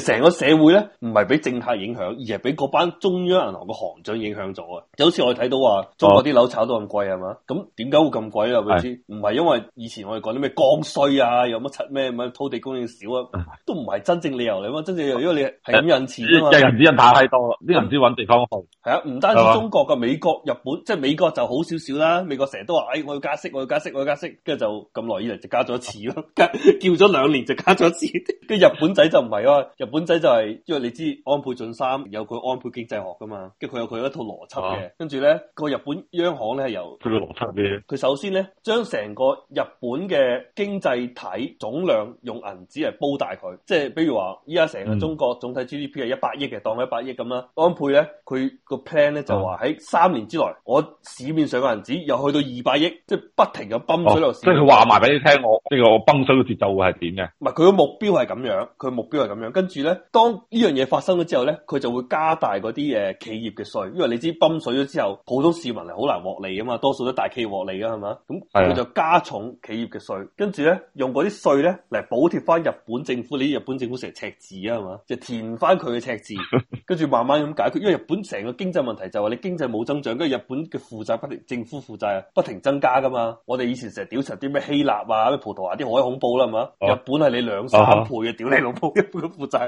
成個社會咧，唔係俾政客影響，而係俾嗰班中央銀行個行長影響咗啊！就好似我哋睇到話，中國啲樓炒到咁貴係嘛？咁點解會咁貴啊？唔係是因為以前我哋講啲咩降稅啊，又乜七咩土地供應少啊，都唔係真正理由嚟。真正由因為你印錢啊嘛，印錢太，太多啦，啲人唔知揾地方好。係吧啊，唔單止中國嘅美國、日本，即係美國就好少少啦。美國成日都話，哎，我要加息，我要加息，我要加息，跟住就咁耐以嚟就加咗一次咯，啊，叫咗兩年就加咗一次。跟住日本仔就唔係啊，日本仔就係、是、因為你知安倍晉三，有佢安倍經濟學噶嘛，跟住佢有佢一套邏輯嘅。啊、跟住咧，個日本央行咧係由佢嘅邏輯係佢首先咧，將成個日本嘅經濟體總量用銀紙嚟煲大佢，即係比如話依家成個中國總體 GDP 係一百億嘅，嗯、當佢一百億咁啦。安倍咧，佢個 plan 咧就話喺三年之內，啊、我市面上嘅銀紙又去到二百億，即係不停咁泵水落、哦、即係佢話埋俾你聽，我呢個我泵水嘅節奏會係點嘅？唔係佢嘅目標係咁樣，佢目標係咁樣，跟住。當呢樣嘢發生咗之後咧，佢就會加大嗰啲誒企業嘅稅，因為你知泵水咗之後，普通市民係好難獲利啊嘛，多數都大企業獲利啊，係嘛，咁佢就加重企業嘅稅，跟住咧用嗰啲稅咧嚟補貼翻日本政府，呢啲日本政府成日赤字啊，係嘛，就填翻佢嘅赤字，跟住慢慢咁解決。因為日本成個經濟問題就係你經濟冇增長，跟住日本嘅負債不停，政府負債啊不停增加噶嘛。我哋以前成日屌柒啲咩希臘啊、咩葡萄牙啲好恐怖啦，係嘛，日本係你兩三倍的啊哈，屌你老母，日本嘅負債。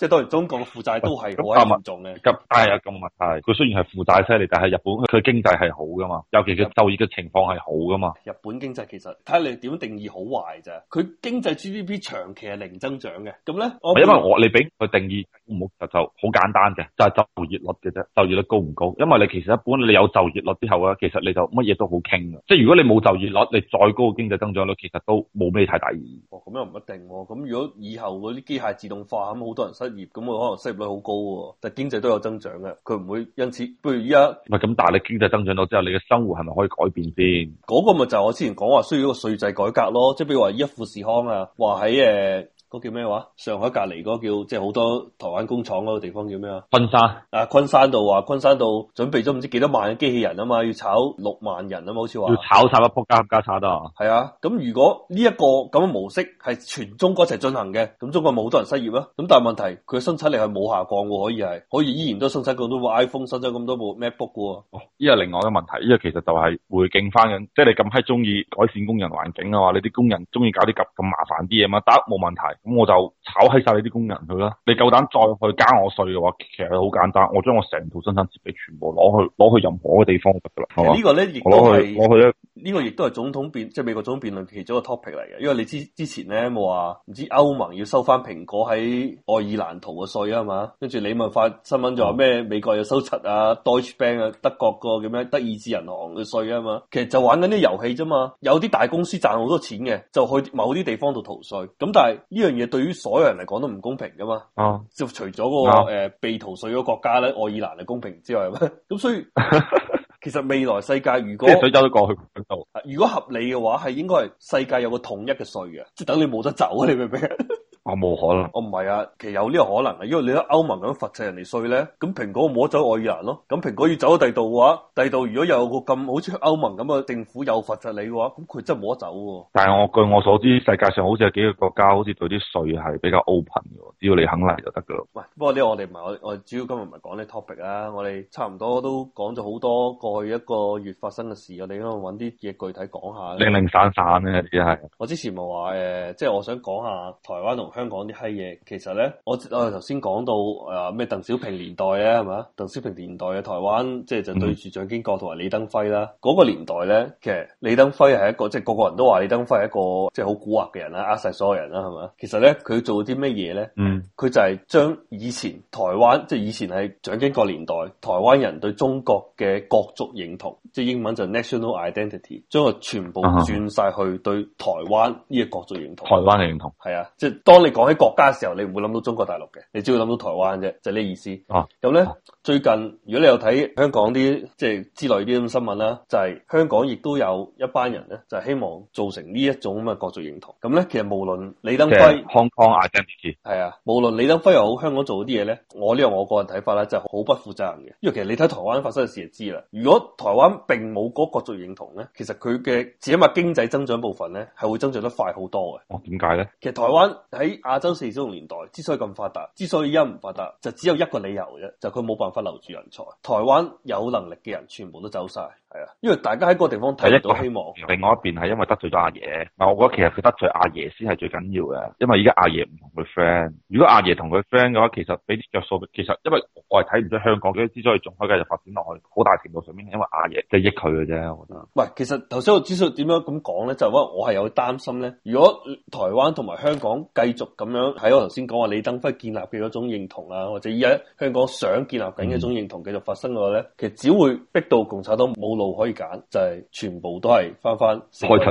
即係當然，中國嘅負債都係好嚴重嘅。咁係啊，咁問題，佢雖然係負債犀利，但係日本佢經濟係好㗎嘛？尤其佢就業嘅情況係好㗎嘛？日本經濟其實睇下你點定義好壞啫。佢經濟 GDP 長期係零增長嘅。咁咧，因為我你俾佢定義唔好就就好簡單嘅，就係就業率嘅啫。就業率高唔高？因為你其實一般你有就業率之後咧，其實你就乜嘢都好傾嘅。即係如果你冇就業率，你再高嘅經濟增長率，其實都冇咩太大意義。哦，咁又唔一定喎。咁如果以後嗰啲機械自動化咁，好多人業，咁我可能失業率好高，但係經濟都有增長嘅，佢唔會因此不如依家唔係咁，大力經濟增長咗之後，你嘅生活係咪可以改變先？嗰個咪就係我之前講話需要一個稅制改革咯，即係譬如話依家富士康啊，話喺誒。呃嗰叫咩話？上海隔籬嗰叫即係好多台灣工廠嗰個地方叫咩啊？昆山啊，昆山度話，昆山度準備咗唔知幾多萬嘅機器人啊嘛，要炒六萬人啊嘛，好似話要炒晒一扑加加差得啊！係啊，咁如果呢一個咁嘅模式係全中國一齊進行嘅，咁中國冇好多人失業咯。咁但係問題佢生產力係冇下降，可以係可以依然都生產咁多部 iPhone，生產咁多部 MacBook 嘅。哦，呢個另外一個問題，呢個其實就係回敬翻緊，即係你咁係中意改善工人環境嘅話，你啲工人中意搞啲咁咁麻煩啲嘢嘛？得，冇問題。咁我就炒起晒你啲工人去啦。你夠膽再去加我稅嘅話，其實好簡單，我將我成套生產設備全部攞去攞去任何嘅地方啦。其實呢個咧亦都係，去，去咧。呢個亦都係總統辯，即係美國總統辯論其中一個 topic 嚟嘅。因為你之之前咧，冇話唔知歐盟要收翻蘋果喺愛爾蘭逃嘅稅啊嘛，跟住你咪發新聞就，就話咩美國又收七啊，Deutsche Bank 啊，德國個咁樣，德意志銀行嘅稅啊嘛。其實就玩緊啲遊戲啫嘛。有啲大公司賺好多錢嘅，就去某啲地方度逃稅。咁但係呢樣。呢樣嘢對於所有人嚟講都唔公平㗎嘛，oh. 就除咗嗰、那個、oh. 呃、被逃稅嘅國家咧，愛爾蘭係公平之外，咁 所以 其實未來世界如果即係水走都過去到， 如果合理嘅話係應該係世界有個統一嘅稅嘅，即係等你冇得走，啊，你明唔明？ 我冇可能，我唔係啊，其實有呢個可能啊，因為你喺歐盟咁罰制人哋稅咧，咁蘋果冇得走愛爾蘭，啊，咯，咁蘋果要走喺第二度嘅話，第二度如果又有個咁好似歐盟咁嘅政府又罰制你嘅話，咁佢真係冇得走，啊。但係我據我所知，世界上好似有幾個國家好似對啲稅係比較 open 嘅，只要你肯嚟就得噶咯。喂，不過呢，我哋唔係我我主要今日唔係講呢 topic 啊，我哋差唔多都講咗好多過去一個月發生嘅事，我哋應該搵啲嘢具體講下。零零散散咧，啲係。我之前咪話誒，即係我想講下台灣同。香港啲閪嘢，其實咧，我我頭先講到啊咩鄧小平年代啊，係咪？鄧小平年代嘅台灣，即係就對住蔣經國同埋李登輝啦。嗰、嗯、個年代咧，其實李登輝係一個即係個個人都話李登輝係一個即係好蠱惑嘅人啦，呃晒所有人啦，係咪？其實咧，佢做啲咩嘢咧？嗯，佢就係將以前台灣即係以前係蔣經國年代台灣人對中國嘅國族認同，即係英文就 national identity，將佢全部轉晒去對台灣呢個國族認同。啊、哈台灣嘅認同係啊，即係當。當你講起國家嘅時候，你唔會諗到中國大陸嘅，你只會諗到台灣啫，就係呢個意思。哦，咁咧最近如果你有睇香港啲即係之類啲咁新聞啦，就係香港亦都有一班人咧，就係希望造成呢一種咁嘅國族認同。咁咧其實無論李登輝，Hong Kong identity，係啊，無論李登輝又好，香港做嗰啲嘢咧，我呢個我個人睇法咧，就係好不負責任嘅。因為其實你睇台灣發生嘅事就知啦。如果台灣並冇嗰個國族認同咧，其實佢嘅起碼經濟增長部分咧係會增長得快好多嘅。哦，點解咧？其實台灣喺亞洲四小龍年代之所以咁發達，之所以而家唔發達，就只有一個理由啫，就佢、是、冇辦法留住人才。台灣有能力嘅人全部都走晒。係啊，因為大家喺個地方睇到希望。另外一邊係因為得罪咗阿爺，唔，我覺得其實佢得罪阿爺先係最緊要嘅。因為依家阿爺唔同佢 friend，如果阿爺同佢 friend 嘅話，其實俾啲着數。其實因為我係睇唔到香港嘅之所以仲可以繼續發展落去，好大程度上面係因為阿爺即係益佢嘅啫。我覺得。喂，其實頭先我指出點樣咁講咧，就係話我係有擔心咧。如果台灣同埋香港繼續咁樣喺我頭先講話李登輝建立嘅一種認同啊，或者依家香港想建立緊嘅一種認同繼、啊嗯、續發生嘅話咧，其實只會逼到共產黨冇。路可以揀就係、是、全部都係翻翻，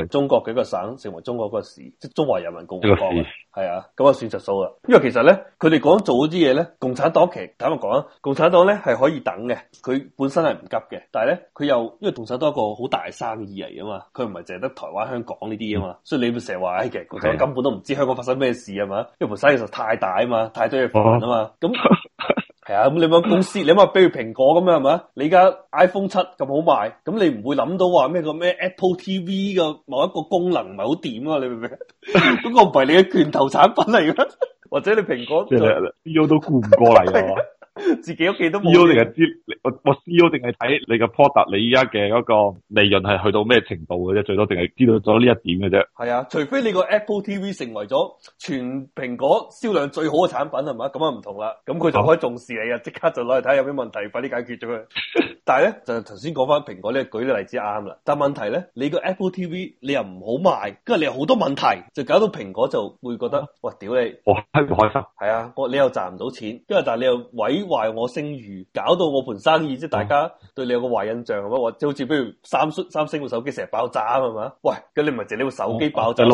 中國幾個省成為中國，個，為中國個市，即係中華人民共和國。係啊，咁啊算擇數啊。因為其實咧，佢哋講做嗰啲嘢咧，共產黨其實，坦白講啊，共產黨咧係可以等嘅，佢本身係唔急嘅。但係咧，佢又因為共產黨一個好大生意嚟啊嘛，佢唔係淨係得台灣、香港呢啲啊嘛，嗯、所以你咪成日話，其實共產黨根本都唔知香港發生咩事啊嘛，的因為本生其實太大啊嘛，太多嘢發啊嘛，咁、啊。那 係啊，咁你乜公司？你乜比如蘋果咁樣係咪啊？你而家 iPhone 七咁好賣，咁你唔會諗到話咩個咩 Apple TV 嘅某一個功能唔係好掂啊？你明唔明？嗰 個唔係你嘅拳頭產品嚟嘅，或者你蘋果 U 都顧唔過嚟啊？ 自己屋企都冇 U 你嘅。 我我 CEO 定係睇你個 product 你依家嘅嗰個利潤係去到咩程度嘅啫？最多定係知道咗呢一點嘅啫。係啊，除非你個 Apple TV 成為咗全蘋果銷量最好嘅產品，係咪？咁啊唔同啦，咁佢就可以重視你啊，即、哦、刻就攞嚟睇有咩問題，快啲解決咗佢。 但係咧就頭先講翻蘋果咧，這個、舉個例子啱啦。但問題咧，你個 Apple TV 你又唔好賣，跟住你有好多問題，就搞到蘋果就會覺得哇，屌你，我開開心？係啊，我你又賺唔到錢，跟住但係你又毀壞我聲譽，搞到我本身。生意即係大家對你有個壞印象，咁我即好似，比如三三星個手機成日爆炸啊嘛，喂，咁你唔係淨係部手機爆炸，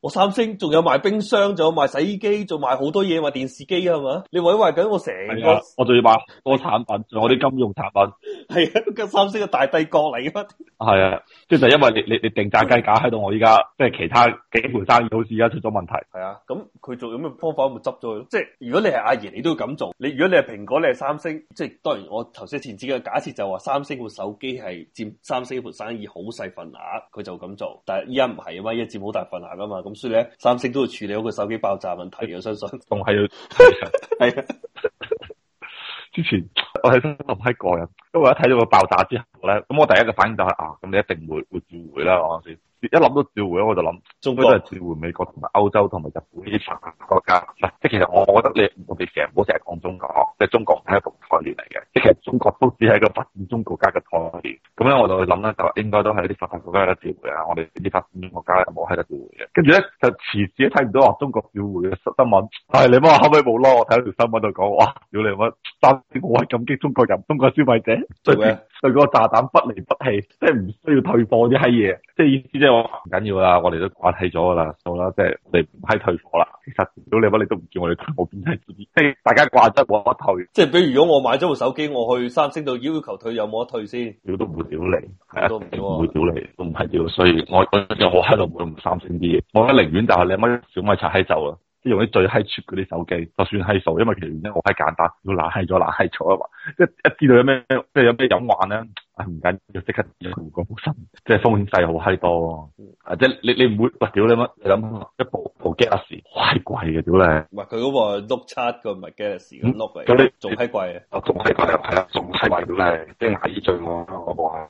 我三星仲有賣冰箱，仲有賣洗衣機，仲賣好多嘢，賣電視機啊嘛，你毀壞緊我成個，啊、我仲要賣多產品，仲 有啲金融產品，係啊，三、啊、星個大帝國嚟噶嘛，係啊，即係就是、因為你你你定價計價喺度，我依家即係其他幾盤生意好似而家出咗問題，係啊，咁佢做有咩方法咪執咗？即係如果你係阿爺，你都要咁做；你如果你係蘋果，你係三星，即係當然我。之前只嘅假設就話三星部手機係佔三星部生意好細份額，佢就咁做，但係依家唔係啊嘛，依家佔好大份額噶嘛，咁所以咧，三星都要處理好個手機爆炸問題，我相信仲係要係啊。 是啊 之前我喺諗喺個人，因為我一睇到個爆炸之後咧，咁我第一個反應就係、是、啊，咁你一定會會召回啦，我先。一諗到召回我就諗，中國都係召回美國同埋歐洲同埋日本呢啲發達國家，即係其實我我覺得你我哋成日唔好成日講中國，即係中國係一個概念嚟嘅，即其實中國都只係一個發展中國家嘅概念，咁咧我就去諗咧，就應該都係啲發達國家有得召回嘅，我哋啲發展中國家冇係得召回嘅，跟住咧就遲啲睇唔到話中國召回嘅新聞，係、 哎、你乜後尾冇咯？我睇到條新聞就講，哇，屌你乜三我係感激中國人、中國消費者對嗰個炸彈不離不棄，即係唔需要退貨啲閪嘢，即係意思即係我唔緊要啦，我哋都掛起咗噶啦，到啦，即係我哋唔係退貨啦。其實屌你乜你都唔叫我哋退，我邊睇係即大家掛得我一退。即係比如如果我買咗部手機，我去三星度要求退，有冇得退先？屌都唔會屌你，係啊，都唔屌我，唔屌你，都唔係屌。所以我覺得就我喺度都唔用三星啲嘢，我寧願就係你乜小米七喺就啊。用啲最 hi c e 啲手機，就算 hi 數，因為其實原因我係簡單，要懶 h 咗，懶 h 咗啊！一、就、一、是、知道有咩，即係有咩隱患咧，唔緊要即刻過，好心即係、就是、風險細好 h 多。啊、就是，即係你你唔會，axy, 哇！屌你乜？你諗一部部 Galaxy 好 hi 貴嘅，屌你！唔係佢嗰個 Note 七個唔係 g a l a x y n o t 嚟，咁你仲 hi 貴啊？仲 hi 貴，係啦，仲 hi 貴，屌你！即係買依最我嗰部啊！